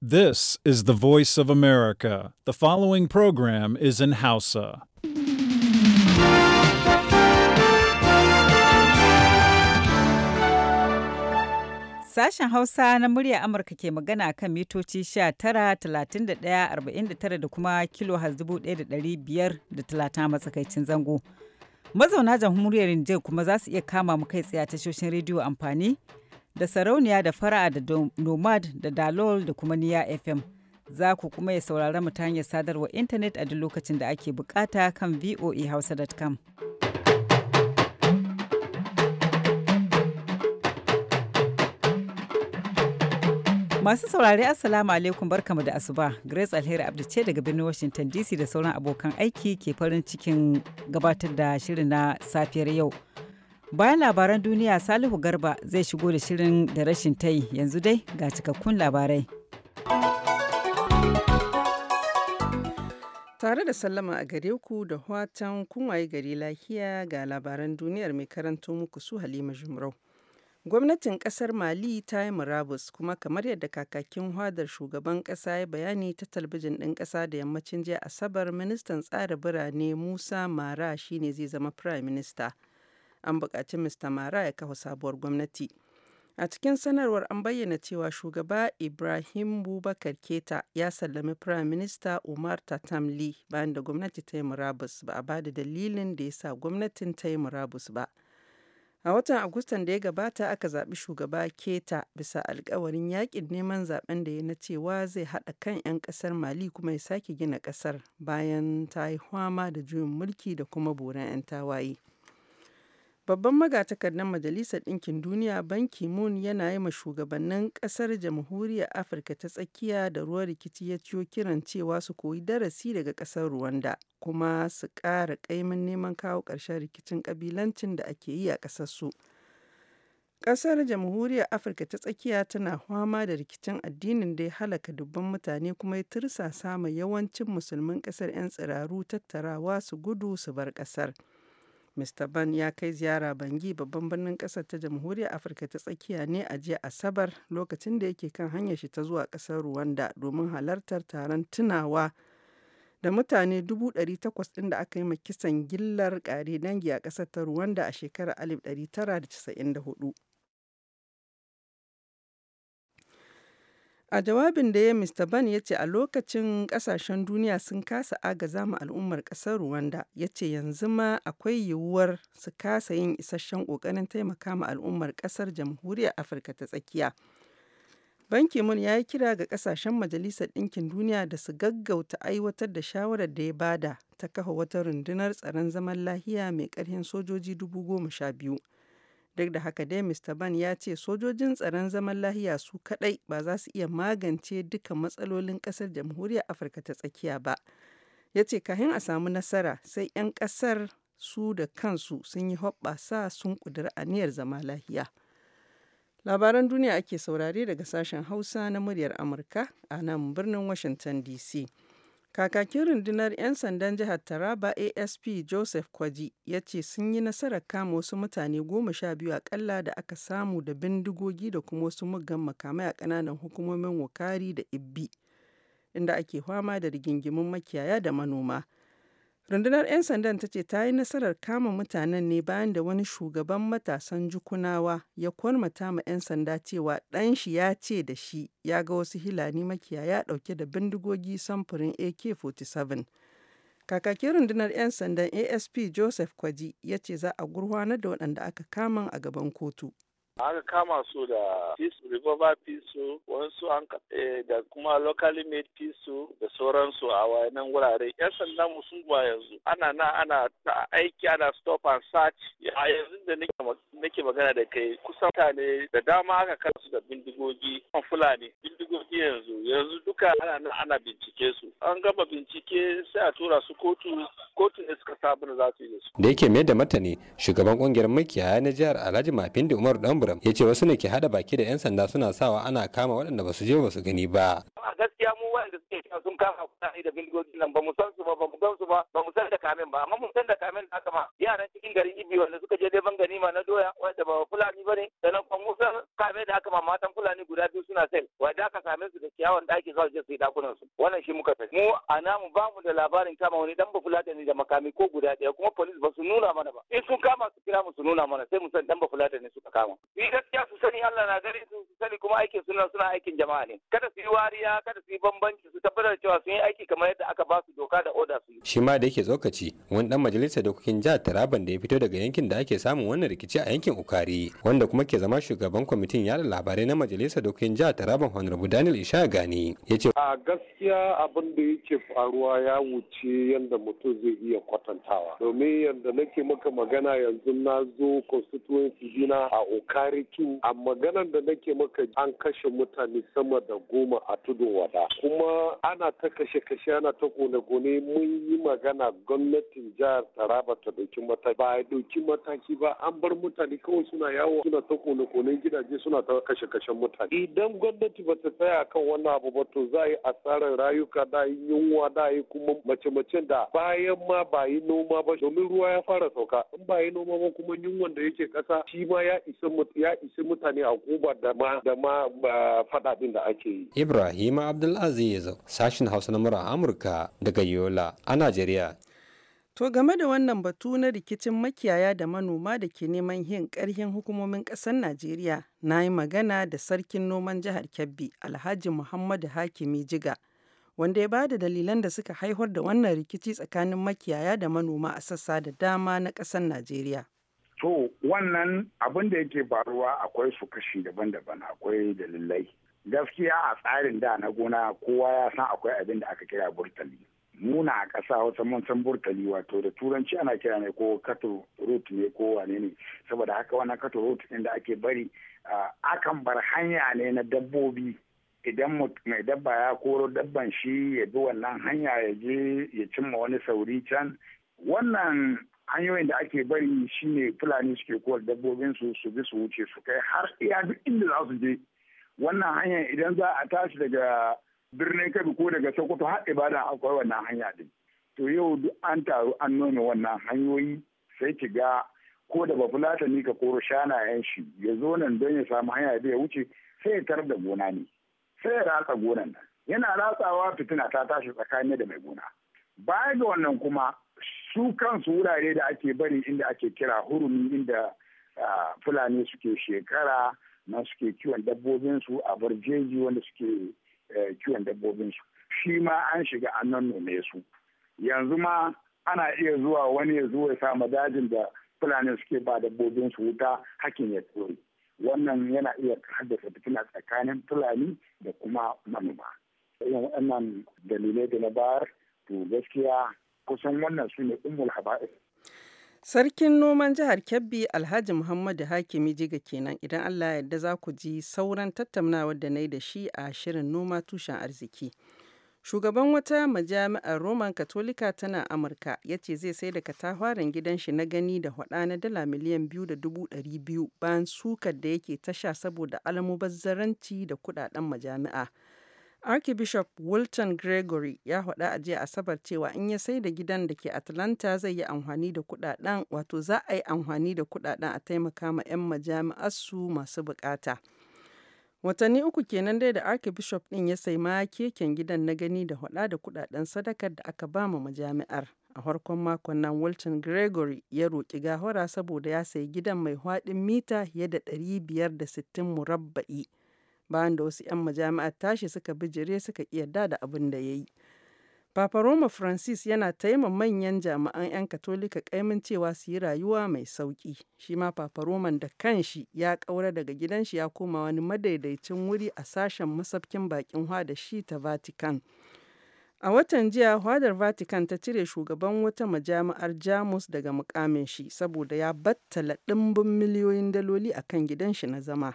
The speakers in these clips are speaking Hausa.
This is the voice of America. The following program is in Hausa. Sashen Hausa na murya Amurka ke magana kan mitoci 19,31,49 da kuma kilo 1,530 matsakaicin zango. Mazauna jamhuriyar Nijar kuma za su iya kama mu kai tsaye tashoshin rediyo amfani da sarauniya da fara'a da nomad da dalol da kuma niya fm za ku kuma ya saurara mu ta hanyar sadarwa intanet a duk lokacin da ake bukata kan voahausa.com Masu saurari Assalamu alaikum barkamu da asuba. Grace Alheri abdu ce daga birnin Washington DC da sauran abokan aiki ke farin cikin gabatar da shirin na safiyar yau. Bayan labaran duniya Salihu Garba zai shigo da shirin da rashin tayi yanzu dai ga cikakkun labarai. Tare da sallama a gare ku da watan kunwaye gari lafiya ga labaran duniyar mai karanto muku su Halima Jumrau. Gwamnatin kasar Mali ta yi murabus kuma kamar yadda kakakin hadar shugaban kasa ya bayani ta talbijin ɗin ƙasa da yammacin jiya Asabar ministan tsara birane Musa Mara shine zai zama Prime Minister. an buƙaci Mr. Mara ya kafa sabuwar gwamnati. A cikin sanarwar an bayyana cewa shugaba Ibrahim Bubakar Keta ya sallami Prime Minister Umar Tatamli bayan da gwamnati ta yi murabus ba a bada dalilin da ya sa gwamnatin ta yi murabus ba. A watan Agustan da ya gabata aka zaɓi shugaba Keta bisa alkawarin yakin neman zaben da ya na cewa zai haɗa kan 'yan ƙasar Mali kuma ya sake gina ƙasar bayan ta yi hwama da juyin mulki da kuma boran 'yan tawaye. Babban magatakardar Majalisar Ɗinkin Duniya Ban Ki-moon yana yi ma shugabannin ƙasar Jamhuriyar Afirka ta Tsakiya da ruwan rikici ya ciyo kiran cewa su koyi darasi daga ƙasar Ruwanda kuma su ƙara ƙaimin neman kawo ƙarshen rikicin ƙabilancin da ake yi a ƙasarsu. Ƙasar Jamhuriyar Afirka ta Tsakiya tana fama da rikicin addinin da ya halaka dubban mutane kuma ya tursasa ma yawancin musulmin ƙasar 'yan tsiraru tattarawa su gudu su bar ƙasar. Mr. Ban ya kai ziyara Bangi babban birnin ƙasar ta jamhuriyar Afirka ta tsakiya ne a jiya Asabar lokacin da yake kan hanyar shi ta zuwa ƙasar Rwanda domin halartar taron tunawa da mutane 800 ɗin da aka yi ma kisan gillar ƙare dangi a ƙasar ta Rwanda a shekarar 1994. A jawabin da ya Mr. Ban ya ce a lokacin kasashen duniya sun kasa agaza ma al'ummar kasar Rwanda ya ce yanzu ma akwai yiwuwar su kasa yin isasshen kokarin taimaka ma al'ummar kasar jamhuriyar Afirka ta tsakiya. Banki mun ya yi kira ga kasashen Majalisar Ɗinkin Duniya da su gaggauta aiwatar da shawarar da ya bada ta kafa wata rundunar tsaron zaman lahiya mai ƙarhin sojoji dubu Duk da haka dai Mr. Ban ya ce sojojin tsaron zaman lahiya su kaɗai ba za su iya magance duka matsalolin ƙasar jamhuriyar Afirka ta tsakiya ba. Ya ce kahin a samu nasara sai 'yan kasar su da kansu sun yi sa sun ƙudiri aniyar zama lahiya. Labaran duniya ake saurare daga sashen Hausa na muryar Amurka a nan birnin Washington DC. Kakakin rundunar 'yan sandan jihar Taraba ASP Joseph Kwaji ya ce sun yi nasarar kama wasu mutane goma sha biyu akalla da aka samu da bindigogi da kuma wasu muggan makamai a ƙananan hukumomin Wukari da Ibbi, inda ake fama da rigingimun makiyaya da manoma. Rundunar 'yan sandan ta ce ta yi nasarar kama mutanen ne bayan da wani shugaban matasan Jukunawa ya kwarmata ma 'yan sanda cewa ɗan shi ya ce da shi ya ga wasu Hilani ya ɗauke da bindigogi samfurin AK-47. Kakakin rundunar 'yan sandan ASP Joseph Kwaji ya ce za a gurfanar da waɗanda aka kama a gaban kotu. aka kama su da peace revolver pisu wasu an eh, da kuma locally made pisu da sauransu a wayannan wurare yan sanda mu sun zuwa yanzu ana na ana ta aiki ana stop and search a yanzu da nake magana da kai kusan mutane da dama aka kama su da bindigogi kan fulani bindigogi yanzu yanzu duka ana na ana bincike su an gama bincike sai a tura su kotu kotu ne suka sabon za su yi da su da yake mai da matani shugaban kungiyar makiyaya na jihar alhaji mafindi umar dan program ya ce wasu ne ke hada baki da 'yan sanda suna sawa ana kama waɗanda ba su je ba su gani ba mu wanda suke sun kama kuɗaɗe da bindigogi. nan ba mu san su ba ba mu gan su ba ba mu san da kamen ba amma mu san da kamen da aka ma yaran cikin garin Ibi wanda suka je neman ma na doya wanda ba Fulani bane sannan kuma mun san kame da aka ma matan Fulani guda biyu suna sel da aka same su da ciyawan da za su je su dakunan su wannan shi muka sani mu a namu ba mu da labarin kama wani dan ba Fulani da makami ko guda ɗaya kuma police ba su nuna mana ba in sun kama su kira mu su nuna mana sai mu san dan ba Fulani suka kama ni gaskiya su sani Allah na gare su su sani kuma aikin suna suna aikin jama'a ne kada su yi wariya kada su yi bambanci su tabbatar cewa sun yi aiki kamar yadda aka ba su doka da oda su yi. Shi ma da yake tsokaci wani dan majalisar dokokin jihar Taraban da ya fito daga yankin da ake samun wannan rikici a yankin Ukari wanda kuma ke zama shugaban kwamitin yada labarai na majalisar dokokin jihar Taraban Honorable Daniel Isha Gani ya ce. A gaskiya abin da yake faruwa ya wuce yadda mutum zai iya kwatantawa domin yadda nake maka magana yanzu na zo constituency dina a Ukari 2 a maganar da nake maka an kashe mutane sama da goma a tudun wada. kuma ana ta kashe-kashe ana ta gone-gone mun yi magana gwamnatin jihar taraba ta dauki mataki ba a dauki mataki ba an bar mutane kawai suna yawo suna ta gone-gone gidaje suna ta kashe-kashen mutane idan gwamnati ba ta tsaya kan wannan abu ba to za a yi asarar rayuka da yi yunwa da yi kuma mace-macen da bayan ma ba yi noma ba domin ruwa ya fara sauka in ba yi noma ba kuma yunwan da yake kasa shi ma ya isa ya isa mutane a guba da ma da ma fadadin da ake yi Ibrahim Abdulaziz Abdulaziz sashin Hausa na mura Amurka daga Yola a Najeriya. To game da wannan batu na rikicin makiyaya da manoma da ke neman yin karhin hukumomin ƙasan Najeriya na yi magana da sarkin noman jihar Kebbi Alhaji Muhammadu Hakimi Jiga wanda ya bada dalilan da suka haihuwar da wannan rikici tsakanin makiyaya da manoma a sassa da dama na ƙasan Najeriya. To wannan abin da yake faruwa akwai su kashi daban-daban akwai dalilai gaskiya a tsarin da na gona kowa ya san akwai abin da aka kira burtali muna a ƙasa wata mun burtali wato da turanci ana kira ne ko kato root ne ko wane ne saboda haka wannan kato root ɗin da ake bari akan bar hanya ne na dabbobi idan mai dabba ya koro dabban shi ya bi wannan hanya ya je ya cimma wani sauri can wannan hanyoyin da ake bari shine fulani suke kowar dabbobin su su bi su wuce su kai har iya duk inda za su je wannan hanyar idan za a tashi daga birnin kabi ko daga sokoto har ibadan akwai wannan hanya din to yau duk an taru an nome wannan hanyoyi sai ki ga ko da bafulata ni ka koro shanayen shi ya zo nan don ya samu hanya da ya wuce sai ya tar da gona ne sai ya ratsa gonan nan yana ratsawa fitina ta tashi tsakani da mai gona baya ga wannan kuma su kansu wurare da ake bari inda ake kira hurumi inda ah, fulani suke shekara na suke kiwon su a barjeji wanda suke eh, kiwon dabbobinsu shi ma an shiga an nan nome su yanzu ma ana iya zuwa wani ya zo ya dajin da fulani suke ba dabbobin su wuta hakin ya tsore wannan yana iya haddasa fitina tsakanin fulani da kuma manoma irin waɗannan dalilai da na bayar to gaskiya kusan wannan su ne umul haba'is Sarkin noman jihar Kebbi Alhaji Muhammadu Hakimi Jiga kenan idan Allah yarda za ku ji sauran tattaunawar da na yi da shi a shirin noma tushen arziki. Shugaban wata majami'ar Roman Katolika tana Amurka ya ce zai sai da katahwaren gidan shi na gani da hwada na dala miliyan biyu da dubu ɗari biyu bayan sukar da yake tasha saboda almubazzaranci da kudaden majami'a. Archbishop Wilton Gregory ya faɗa a jiya Asabar cewa in ya sai da gidan da ke Atlanta zai yi amfani da kudaden wato za a yi amfani da kudaden a taimaka ma 'yan majami'arsu masu bukata. Watanni uku kenan dai da Archbishop ɗin ya sai ma keken gidan na gani da hada da kudaden sadakar da aka ba ma majami'ar. A farkon makon nan Wilton Gregory ya roƙi gahora saboda ya sayi gidan mai hwadin mita fiye da 560 murabba'i. bayan da wasu 'yan majami'ar tashi suka bijire suka iya yarda da abin da ya yi. Papa Roma Francis yana taima manyan jami'an 'yan Katolika kaimin cewa su yi rayuwa mai sauƙi. Shi ma Papa Roman da kanshi ya ƙaura daga gidanshi ya koma wani madaidaicin wuri a sashen masafkin bakin da shi ta Vatican. A watan jiya, hwadar Vatican ta cire shugaban wata majami'ar Jamus daga mukamin shi saboda ya battala ɗimbin miliyoyin daloli a kan gidanshi na zama.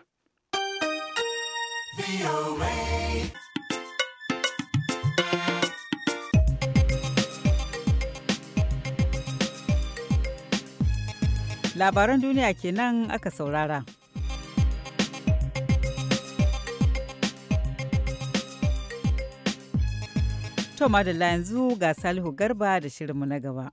Labaran duniya kenan aka saurara. Toma da yanzu ga Salihu Garba da shirinmu na gaba.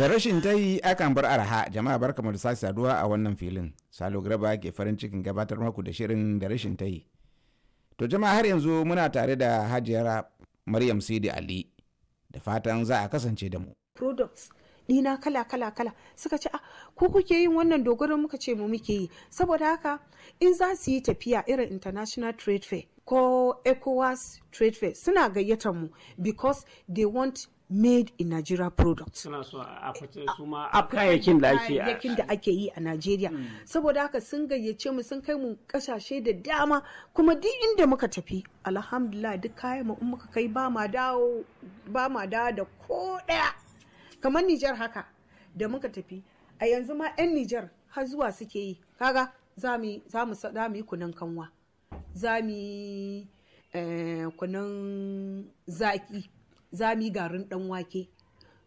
da rashin ta yi akan bar araha jama'a barka da sake saduwa a wannan filin salo graba ke farin cikin gabatar maku da shirin da rashin ta to jama'a har yanzu muna tare da hajiyar maryam sidi ali da fatan za a kasance da mu products dina kala kala kala suka ce ah ku kuke yin wannan dogaron muka ce mu muke yi saboda haka in za su yi tafiya irin international trade fair ko ecowas trade fair suna gayyatar mu because they want made in Nigeria products. kayayyakin da ake yi a Nigeria. Hmm. Saboda haka sun gayyace mu sun kai mu kasashe da dama kuma duk inda muka tafi alhamdulillah duk kayan mu muka kai ba ma dawo ba ma dawo da ko daya. Kamar Nijar haka da muka tafi a yanzu ma 'yan Nijar har zuwa suke yi kaga za mu yi kunan kanwa za mu yi eh, kunan zaki za garin dan wake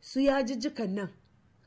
su yajijjikan nan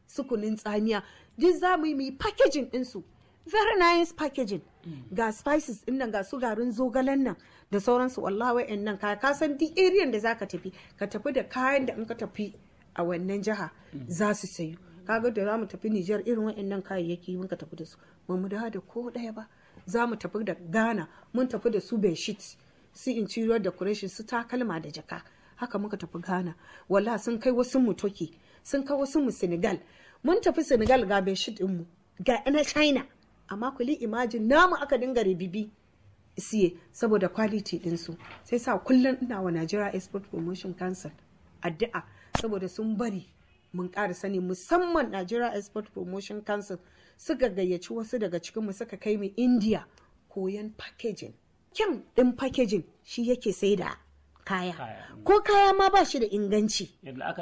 su kunin tsamiya duk za mu yi packaging ɗinsu very nice packaging ga spices din nan ga su garin zogalen nan da sauransu wallahi 'yan nan ka ka san duk area da zaka tafi ka tafi da kayan da in ka tafi a wannan jiha za su sayu kaga da za mu tafi Nijar irin wa'in nan kayayyaki mun ka tafi da su ba mu da da ko daya ba za mu tafi da Ghana mun tafi da su bedsheet su interior decoration su takalma da jaka haka muka tafi ghana wala sun kai wasu mu toki sun kai wasu mu senegal mun tafi senegal ga shi dinmu ga na china amma kuli imajin namu aka dinga ribibi siye saboda quality dinsu sai sa kullum ina wa nigeria export promotion council addu'a saboda sun bari mun ƙara sani musamman nigeria export promotion council suka gayyaci wasu daga cikin mu suka kai mu india koyan packaging kyan din packaging shi yake saida kaya ko kaya ma ba shi da inganci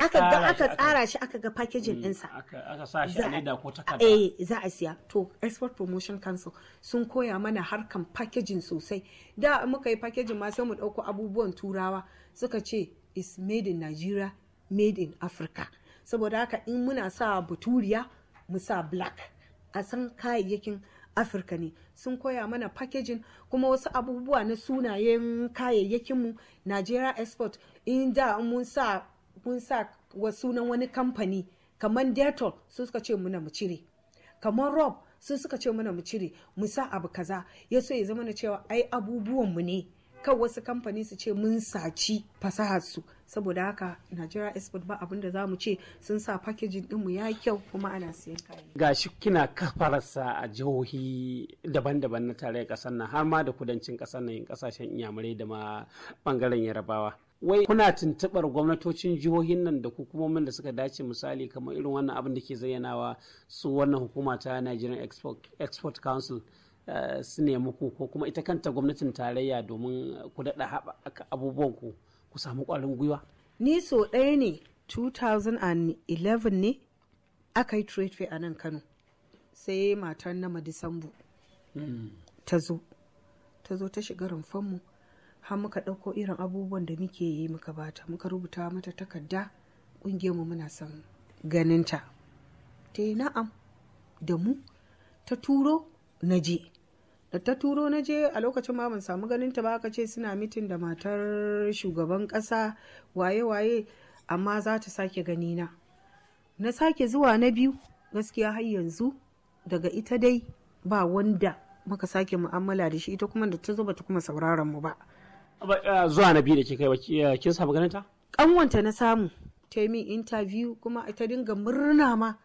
aka ga aka tsara shi aka ga packaging mm, ɗinsa aka sa shi a leda ko takarda eh za a siya to export promotion council sun koya mana harkan packaging sosai da muka yi packaging ma sai mu ɗauko abubuwan turawa suka ce is made in Nigeria made in Africa saboda haka in muna sa buturiya mu sa black a san kayayyakin afirka ne sun koya mana packaging kuma wasu abubuwa na sunayen kayayyakinmu nigeria export inda mun sa wasu sunan wani kamfani kamar detol su suka ce muna mu cire kamar rob su suka ce muna mu cire mu sa abu kaza ya so ya zama na cewa ai abubuwanmu ne kan wasu kamfani su ce mun saci su. saboda haka nigeria export ba abinda za mu ce sun sa packaging dinmu ya kyau kuma ana siyan kayan gashi kina kafararsa a jihohi daban-daban na tarayyar kasar nan har ma da kudancin kasar nan yin kasashen inyamurai da ma bangaren yarabawa wai kuna tuntubar gwamnatocin jihohin nan da hukumomin da suka dace misali kamar irin wannan abin da ke zayyanawa su wannan hukuma ta Nigerian Export, Export Council eh, su nemi ku ko kuma ita kanta gwamnatin tarayya domin ku daɗa haɓaka abubuwan ku ku samu kwarin gwiwa ni so ɗaya ne 2011 ne aka yi trade fair a nan kano sai matar na madisambu ta zo ta zo ta shiga rumfanmu har muka ɗauko irin abubuwan da muke yi muka bata muka rubuta mata takarda ƙungiyarmu muna son ganinta ta yi na'am da mu ta turo na je da ta turo na je a lokacin ma ban samu ganin ta ba aka ce suna mitin da matar shugaban kasa waye-waye amma za ta sake gani na na sake zuwa na biyu gaskiya har yanzu daga ita dai ba wanda muka sake mu'amala da shi ita kuma da ta zo bata kuma sauraron mu ba eh, zuwa na biyu da ke kai eh, kin samu ganin ta kanwanta na samu ta yi min interview kuma ta dinga murna ma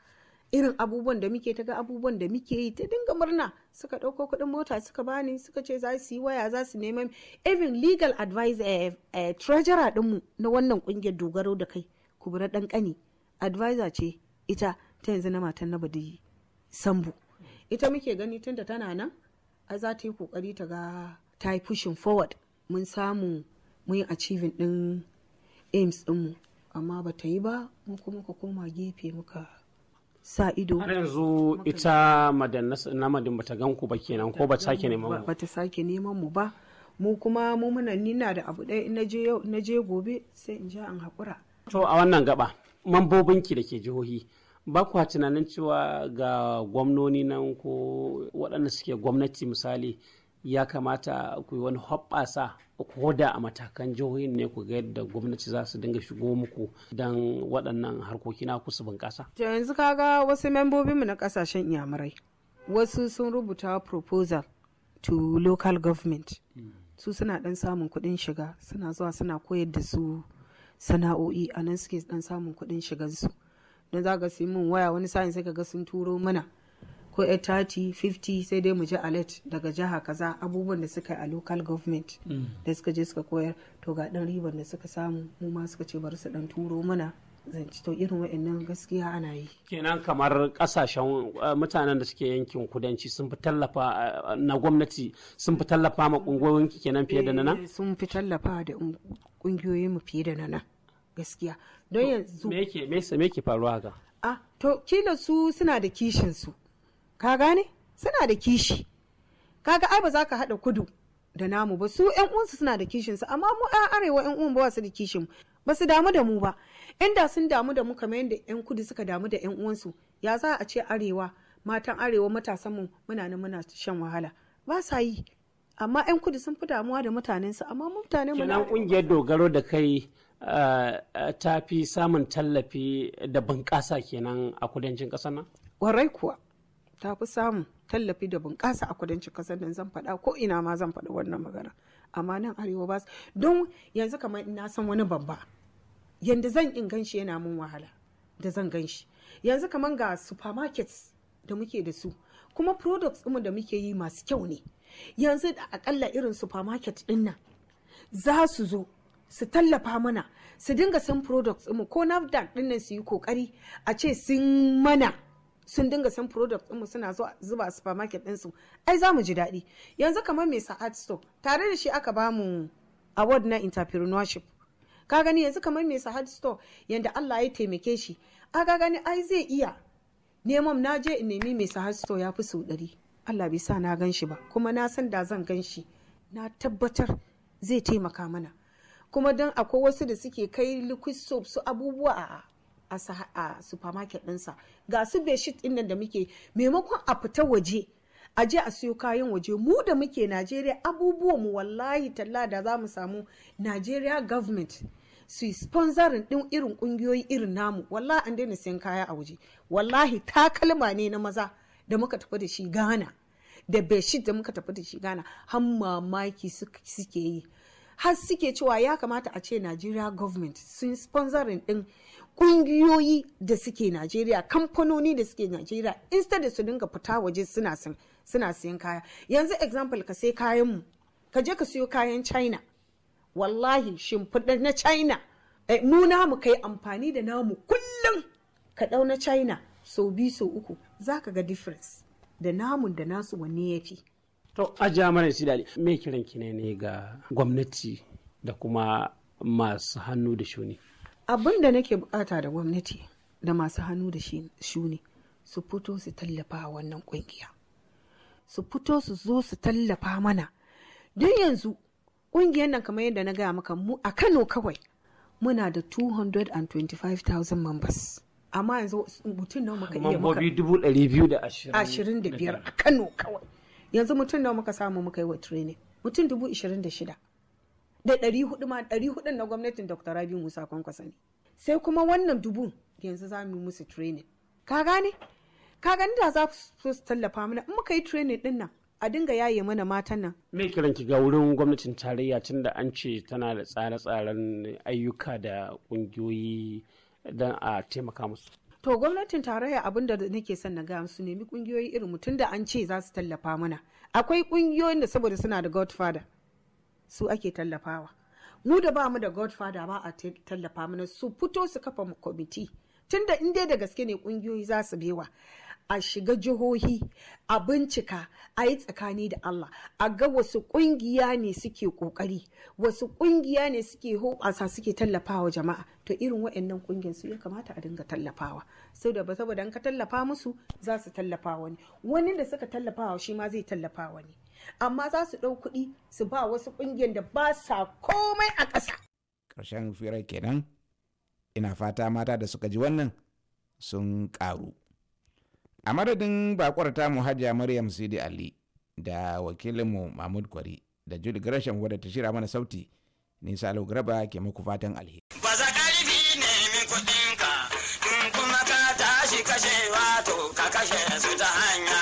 irin abubuwan da muke ta ga abubuwan da muke yi ta dinga murna suka ɗauko kuɗin mota suka bani suka ce za su yi waya za su neman even legal advice eh, eh, treasurer dinmu na wannan ƙungiyar dogaro da kai kubura ɗan ƙani advisor ce ita ta yanzu na matan na badi sambu ita muke gani tunda tana nan a za ta yi ƙoƙari ta ga ta yi pushing forward mun samu mun yi achieving ɗin aims ɗinmu amma ba ta yi ba mu kuma ka koma gefe muka sa ido har yanzu ita madan namadin bata gan ku ba kenan ko ba sake neman mu bata sake neman mu ba mu kuma mu muna nina da abu ɗaya na je yau na je gobe sai in ja an haƙura to a wannan gaba mambobinki da ke jihohi ba ku tunanin cewa ga gwamnoni nan ko waɗanda suke gwamnati misali ya kamata ku yi wani hoɓɓasa ko da a matakan jihohin ne ku ga yadda gwamnati za su dinga shigo muku don waɗannan harkoki na kusa bunƙasa. bunƙasa. yanzu kaga wasu mu na ƙasashen iyamurai wasu sun rubuta proposal to local government mm. su suna ɗan samun kuɗin shiga suna zuwa suna koyar da su sana'o'i a nan suke ɗan samun kuɗin shigansu don za ga su yi min waya wani sa'in sai ka ga sun turo mana ko 30 50 sai dai mu ji alert daga jiha kaza abubuwan da suka yi a local government mm. da suka je suka koyar to ga dan ribar da suka samu mu ma suka ce bari su dan turo mana zanci to irin wa'annan gaskiya ana yi kenan kamar kasashen eh, mutanen da suke yankin kudanci sun fi tallafa eh, na gwamnati sun fi tallafa ma kungiyoyin kenan fiye da nana eh, sun fi tallafa da kungiyoyin mu fiye da nana gaskiya don yanzu me yake faruwa ga a ah, to kila su suna da kishin su ka gane suna da kishi kaga ai ba za ka haɗa kudu da namu ba su yan uwansu suna da kishin su amma mu a arewa yan uwan ba su da kishin ba su damu da mu ba inda sun damu da mu kamar yadda yan kudu suka damu da yan uwansu ya za a ce arewa matan arewa matasan mu muna nan muna shan wahala ba sa yi amma yan kudu sun fi damuwa da mutanen su amma mutanen mu nan kungiyar dogaro da kai eh, eh, ta fi samun tallafi da bunƙasa kenan a kudancin ƙasar nan kwarai kuwa ta fi samun tallafi da bunƙasa a kudancin ƙasar nan zan faɗa ko ina ma zan faɗa wannan magana amma nan arewa ba don yanzu kamar na san wani babba yanda zan in ganshi yana mun wahala da zan ganshi yanzu kamar ga supermarkets da muke da su kuma products ɗin da muke yi masu kyau ne yanzu da akalla irin supermarket ɗin nan za su zo su tallafa mana su dinga san products ɗinmu ko nafdac ɗin nan su yi kokari a ce sun mana sun dinga san product ɗinmu suna zuba a supermarket ɗinsu ai za mu ji daɗi yanzu kamar mai sa'ad store tare da shi aka bamu award na entrepreneurship ka gani yanzu kamar mai sahad store yanda Allah ya taimake shi a gani ai zai iya neman na je in nemi mai sahad store ya fi sau ɗari Allah bai sa na gan shi ba kuma na san da zan gan shi na tabbatar zai taimaka mana kuma don akwai wasu da suke kai liquid soap su abubuwa a a supermarket ɗinsa ga su beshit ɗin da muke maimakon a fita waje a je a siyo kayan waje mu da muke najeriya abubuwan mu wallahi talla da za mu samu najeriya government su yi sponsorin ɗin irin ƙungiyoyi irin namu wallahi an daina siyan kaya a waje wallahi takalma ne na maza da muka tafi da shi ghana da beshit da muka tafi da shi ghana har mamaki suke yi har suke cewa ya kamata a ce nigeria government sun sponsoring din kungiyoyi da suke nigeria kamfanoni da suke nigeria instead da su dinga fita waje suna suna siyan kaya yanzu example ka sai kayan mu ka je ka siyo kayan China wallahi shimfiɗa na China eh, mu namu kai amfani da namu kullum ka na China sau biyu sau uku za ka ga difference da namun da nasu wanne ya fi To ajiya ya sidali me kiran ki ne ga gwamnati da kuma masu hannu da shuni. Abin da nake bukata da gwamnati da masu hannu da shuni su fito su tallafa wannan kungiya. Su fito su zo su tallafa mana. Don yanzu kungiyar nan kamar yadda na gaya maka mu a Kano kawai muna da 225,000 members. amma yanzu mutum nawa maka iya maka mambobi 225 a Kano kawai yanzu mutum nawa muka samu muka yi wa training mutum dubu ishirin da shida da ɗari hudu ma ɗari hudun na gwamnatin dr rabi musa kwankwasa ne sai kuma wannan dubu yanzu za mu musu training ka gane ka gani da za su tallafa mana in muka yi training din nan a dinga yaye mana matan nan me kiran ki ga wurin gwamnatin tarayya tunda an ce tana da tsare-tsaren ayyuka da ƙungiyoyi don a taimaka musu to gwamnatin tarayya abin da nake son na gaya su nemi kungiyoyi irin mutum da an ce za su tallafa mana akwai kungiyoyin da saboda suna da godfather su ake tallafawa mu da ba mu da godfather ba a tallafa mana su fito su kafa kwamiti tunda in dai da gaske ne kungiyoyi za su bewa a shiga jihohi a bincika a yi tsakani da Allah a ga wasu kungiya ne suke kokari wasu kungiya ne suke hoɓasa suke tallafawa jama'a to irin waɗannan kungiyar su ya kamata a dinga tallafawa saboda ba saboda an ka tallafa musu za su tallafa wani wani da suka tallafawa shi ma zai tallafa wani amma za su ɗau kuɗi su ba wasu kungiyar da ba sa komai a ƙasa ƙarshen firar kenan ina fata mata da suka ji wannan sun ƙaru a madadin bakwarta muhajja hajiya maryam sidi ali da wakilinmu mahmud kwari da julie gresham wadda ta shira mana sauti ni salo graba ke muku fatan alheri ba za karfi in kuma ka tashi kashewa to ka kashe su ta hanya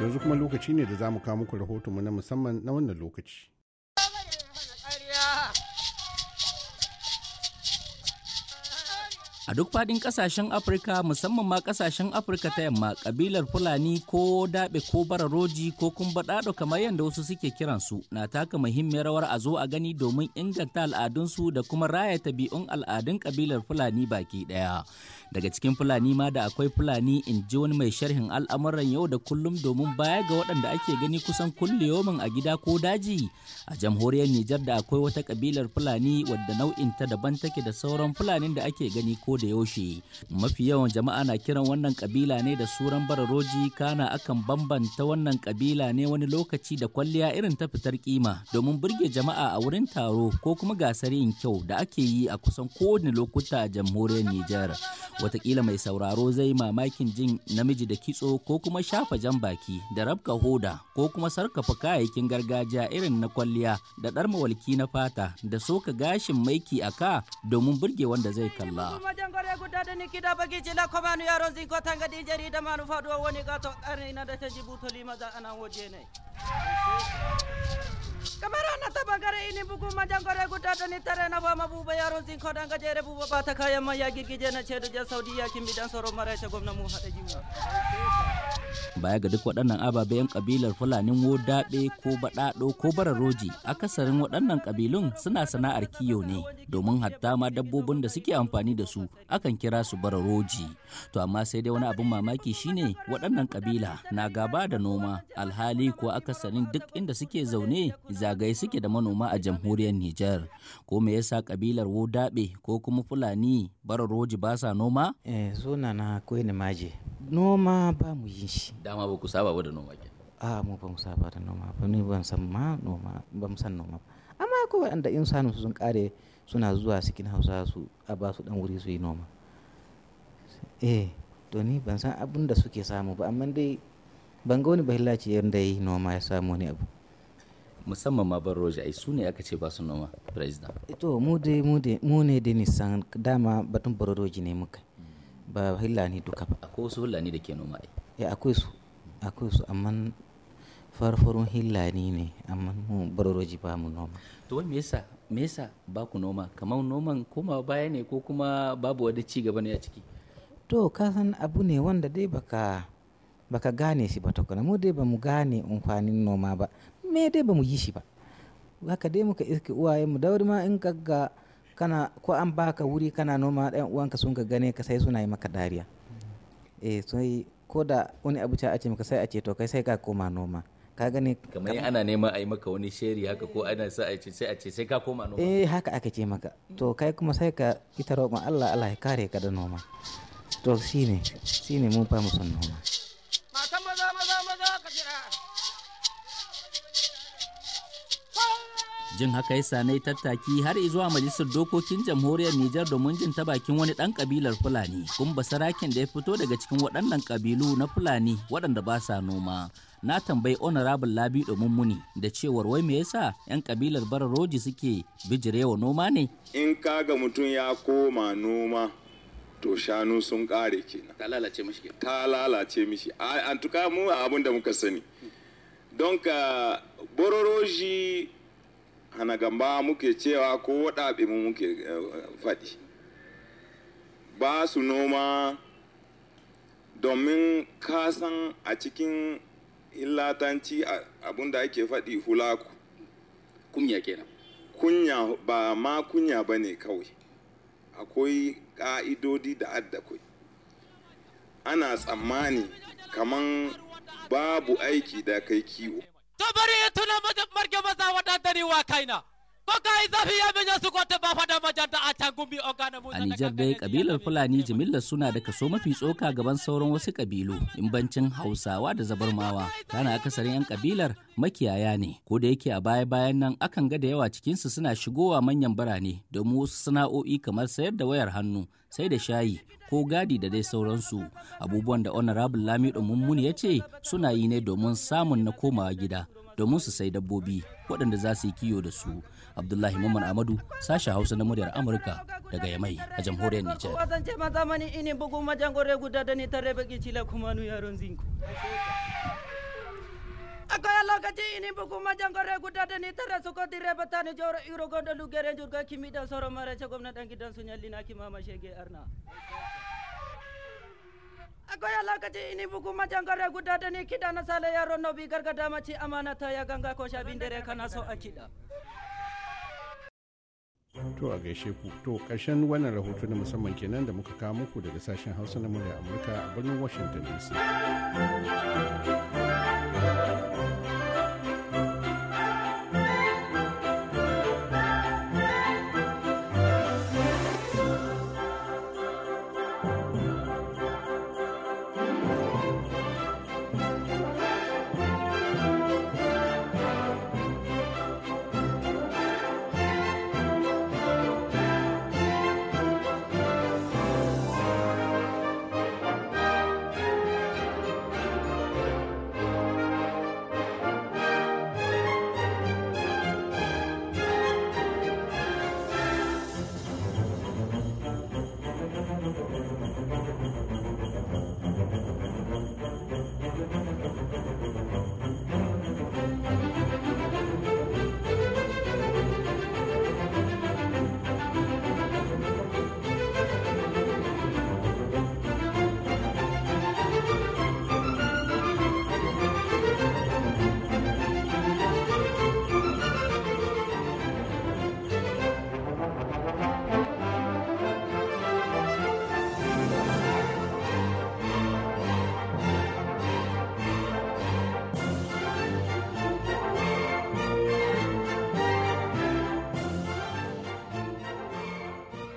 yanzu kuma lokaci ne da za mu kawo muku rahotonmu na musamman na wannan lokaci A duk faɗin ƙasashen Afirka musamman ma ƙasashen Afirka ta yamma ƙabilar Fulani ko daɓe ko bararoji ko kuma kumbaɗaɗo kamar yadda wasu suke kiransu na taka muhimmiyar rawar a zo a gani domin inganta al'adunsu da kuma raya tabi'un al'adun ƙabilar Fulani baki ɗaya. Daga cikin Fulani ma da akwai Fulani in ji wani mai sharhin al'amuran yau da kullum domin baya ga waɗanda ake gani kusan kulliyomin a gida ko daji. A jamhuriyar Nijar da akwai wata ƙabilar Fulani wadda nau'in ta daban take da sauran Fulanin da ake gani ko da yaushe mafi yawan jama'a na kiran wannan kabila ne da suran bararoji kana akan bambanta wannan kabila ne wani lokaci da kwalliya irin ta fitar kima domin burge jama'a a wurin taro ko kuma gasar yin kyau da ake yi a kusan kowane lokuta a jamhuriyar Nijar watakila mai sauraro zai mamakin jin namiji da kitso ko kuma shafa jan baki da rabka hoda ko kuma sarkafa kayayyakin gargajiya irin na kwalliya da ɗarmawalki mawalki na fata da soka gashin maiki a ka domin burge wanda zai kalla. jangore guddade ni kidaba gi jila komanu yaro zin ko tanga di jarida manu fadu woni gato arne ina da taji buto lima da ana woje ne kamara na tabangare ini bugu ma jangore guddade ni tare na fama buba yaro zin ko danga jere buba bata kaya ma yagi gije na cedo ja saudiya kimbi dan soro mare ta gomna mu hada jiwa baya ga duk waɗannan ababe 'yan ƙabilar fulanin wodaɓe ko baɗaɗo ko bararoji akasarin waɗannan ƙabilun suna sana'ar kiyo ne domin hatta ma dabbobin da suke amfani da su akan kira su bararoji to amma sai dai wani abin mamaki shine waɗannan ƙabila na gaba da noma alhali ko akasarin duk inda suke zaune zagaye suke da manoma a jamhuriyar Nijar ko me yasa ƙabilar daɓe ko kuma fulani bararoji ba sa noma? Eh, na maje. Noma ba mu yin shi. dama ba ku saba ba da noma ke a mu ba mu saba da noma ba ni ban san ma noma ba mu san noma ba amma ko wanda in sanu sun kare suna zuwa cikin hausa su a ba su dan wuri su yi noma eh to ni ban san abin da suke samu ba amma dai ban ga wani bahillaci yadda yi noma ya samu wani abu musamman ma ban roja ai su ne aka ce ba su noma president eh, to mu dai mu ne dai san dama batun baroroji ne muka ba hillani duka ba akwai wasu hillani da ke noma ai eh akwai su akwai su amma farfarun hillani ne amma mu baroroji ba mu noma to wai me yasa me yasa ba ku noma kamar noman koma baya ne ko kuma babu wani ci gaba ne a ciki to ka san abu ne wanda dai baka baka gane shi ba tukuna mu dai ba mu gane amfanin noma ba me dai ba mu yi shi ba haka dai muka iske uwaye mu dauri ma in kaga kana ko an baka wuri kana noma dan uwanka sun ka gane ka sai suna yi maka dariya mm-hmm. eh sai ko da wani abu ta ce maka sai a ce to kai sai ka koma noma ka gani kamar ana neman a yi maka wani sheri haka ko ana sa a ce sai a ce sai ka koma noma eh haka aka ce maka to kai kuma sai ka ita roƙon Allah Allah ya kare ka da noma to shine shine mun fa mu noma jin haka ya sanai tattaki har zuwa majalisar dokokin jamhuriyar Nijar domin jin ta bakin wani dan ƙabilar Fulani kun sarakin da ya fito daga cikin waɗannan ƙabilu na Fulani waɗanda ba sa noma. Na tambayi Honorable Labi domin muni da cewar wai me yasa 'yan ƙabilar Bararoji suke bijirewa noma ne? In kaga mutum ya koma noma to shanu sun ƙare kenan. Ta lalace mishi Ta lalace mishi. An tuka mu abin da muka sani. Don bororoji hana gamba muke cewa ko waɗaɓe mu muke eh, faɗi ba su noma domin kasan a cikin illatanci abinda ake faɗi hulaku kunya kenan kunya ba ma kunya ba ne kawai akwai ƙa'idodi da addakwai ana tsammani kaman babu aiki da kai kiwo ከበሬቱ ለመጀመር ገበዛ ወዳደን ይዋካይና A Nijar dai kabilar Fulani jimillar suna da kaso mafi tsoka gaban sauran wasu kabilu, in bancin Hausawa da Zabarmawa, tana akasarin 'yan kabilar makiyaya ne, ko da yake a baya-bayan nan akan ga da yawa cikinsu suna shigowa manyan birane domin wasu sana'o'i kamar sayar da wayar hannu, sai da shayi, ko gadi da dai sauransu. Abubuwan da Honorable Lamido Mummuni ya ce suna yi ne domin samun na komawa gida, domin su sai dabbobi waɗanda za su yi kiyo da su. Abdullahi Muhammad Amadu sashi Hausa na muryar Amurka daga Yamai a jamhuriyar Nijar. Akwai lokaci ini buku majan gore guda da ni tare su ko dire ni joro iro lu gere jurga kimi da soro mara ce gwamnatin gidan su nyalli na ki mama shege arna akoya lokaci ini buku majan gore guda da ni kida na sale yaro no bi gargada mace amana ta ya ganga ko shabin dare kana so akida To a gaishe ku to ƙarshen wannan rahoto na musamman kenan da muka kawo muku daga sashen Hausa na murya Amurka a birnin Washington DC.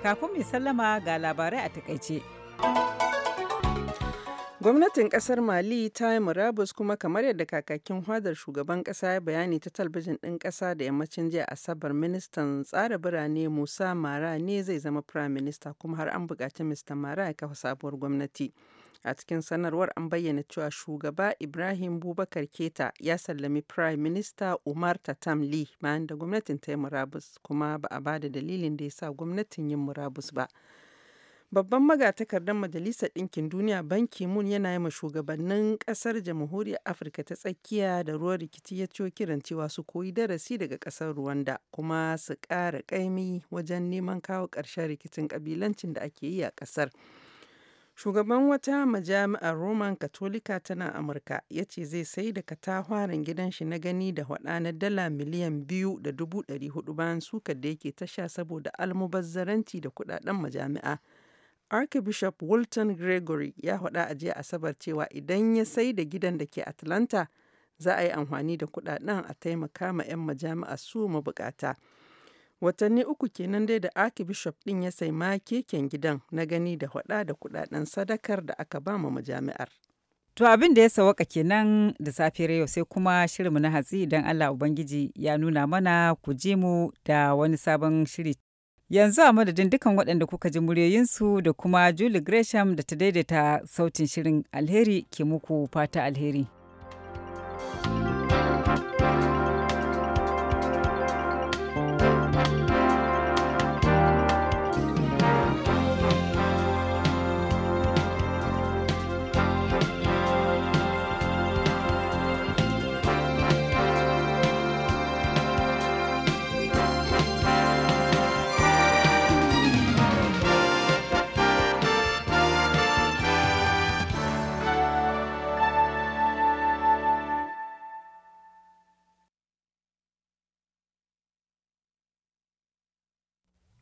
Kafin mai sallama ga labarai a takaice. Gwamnatin kasar Mali ta yi murabus kuma kamar yadda kakakin hadar shugaban kasa ya bayani ta talbijin ɗin ƙasa da yammacin jiya Asabar ministan tsara birane Musa Mara ne zai zama Prime Minister kuma har an bukaci Mr. Mara ya kafa sabuwar gwamnati. A cikin sanarwar an bayyana cewa shugaba Ibrahim bubakar Keta ya sallami Prime Minister Umar Tatam Lee bayan da gwamnatin ta yi murabus kuma ba a bada dalilin da ya sa gwamnatin yin murabus ba. Babban magatakardar Majalisar Ɗinkin Duniya Ban moon yana yi ma shugabannin ƙasar Jamhuriyar Afirka ta tsakiya da ruwan rikici ya ciyo kiran cewa su koyi darasi daga ƙasar Rwanda kuma su ƙara ƙaimi wajen neman kawo ƙarshen rikicin ƙabilancin da ake yi a ƙasar. Shugaban wata majami'ar Roman Katolika tana Amurka ya ce zai sai da gidan shi na gani da hwada na dala miliyan biyu da dubu ɗari hudu bayan suka da yake tasha saboda almubazzaranci da kudaden majami'a. Archbishop Walton Gregory ya hwada a jiya Asabar cewa idan ya sai da gidan da ke Atlanta za a yi amfani da kudaden a taimaka ma 'yan majami'a su mabukata. bukata. Watanni uku kenan dai da Archbishop ɗin ya sai ma keken gidan na gani da hada da kudaden sadakar da aka ba ma majami'ar. To abin da ya sawaka kenan da safiyar yau sai kuma shirinmu na hatsi idan Allah Ubangiji ya nuna mana ku ji mu da wani sabon shiri. Yanzu a madadin dukan waɗanda kuka ji muryoyinsu da kuma Julie Gresham da ta daidaita sautin shirin alheri ke muku fata alheri. thank you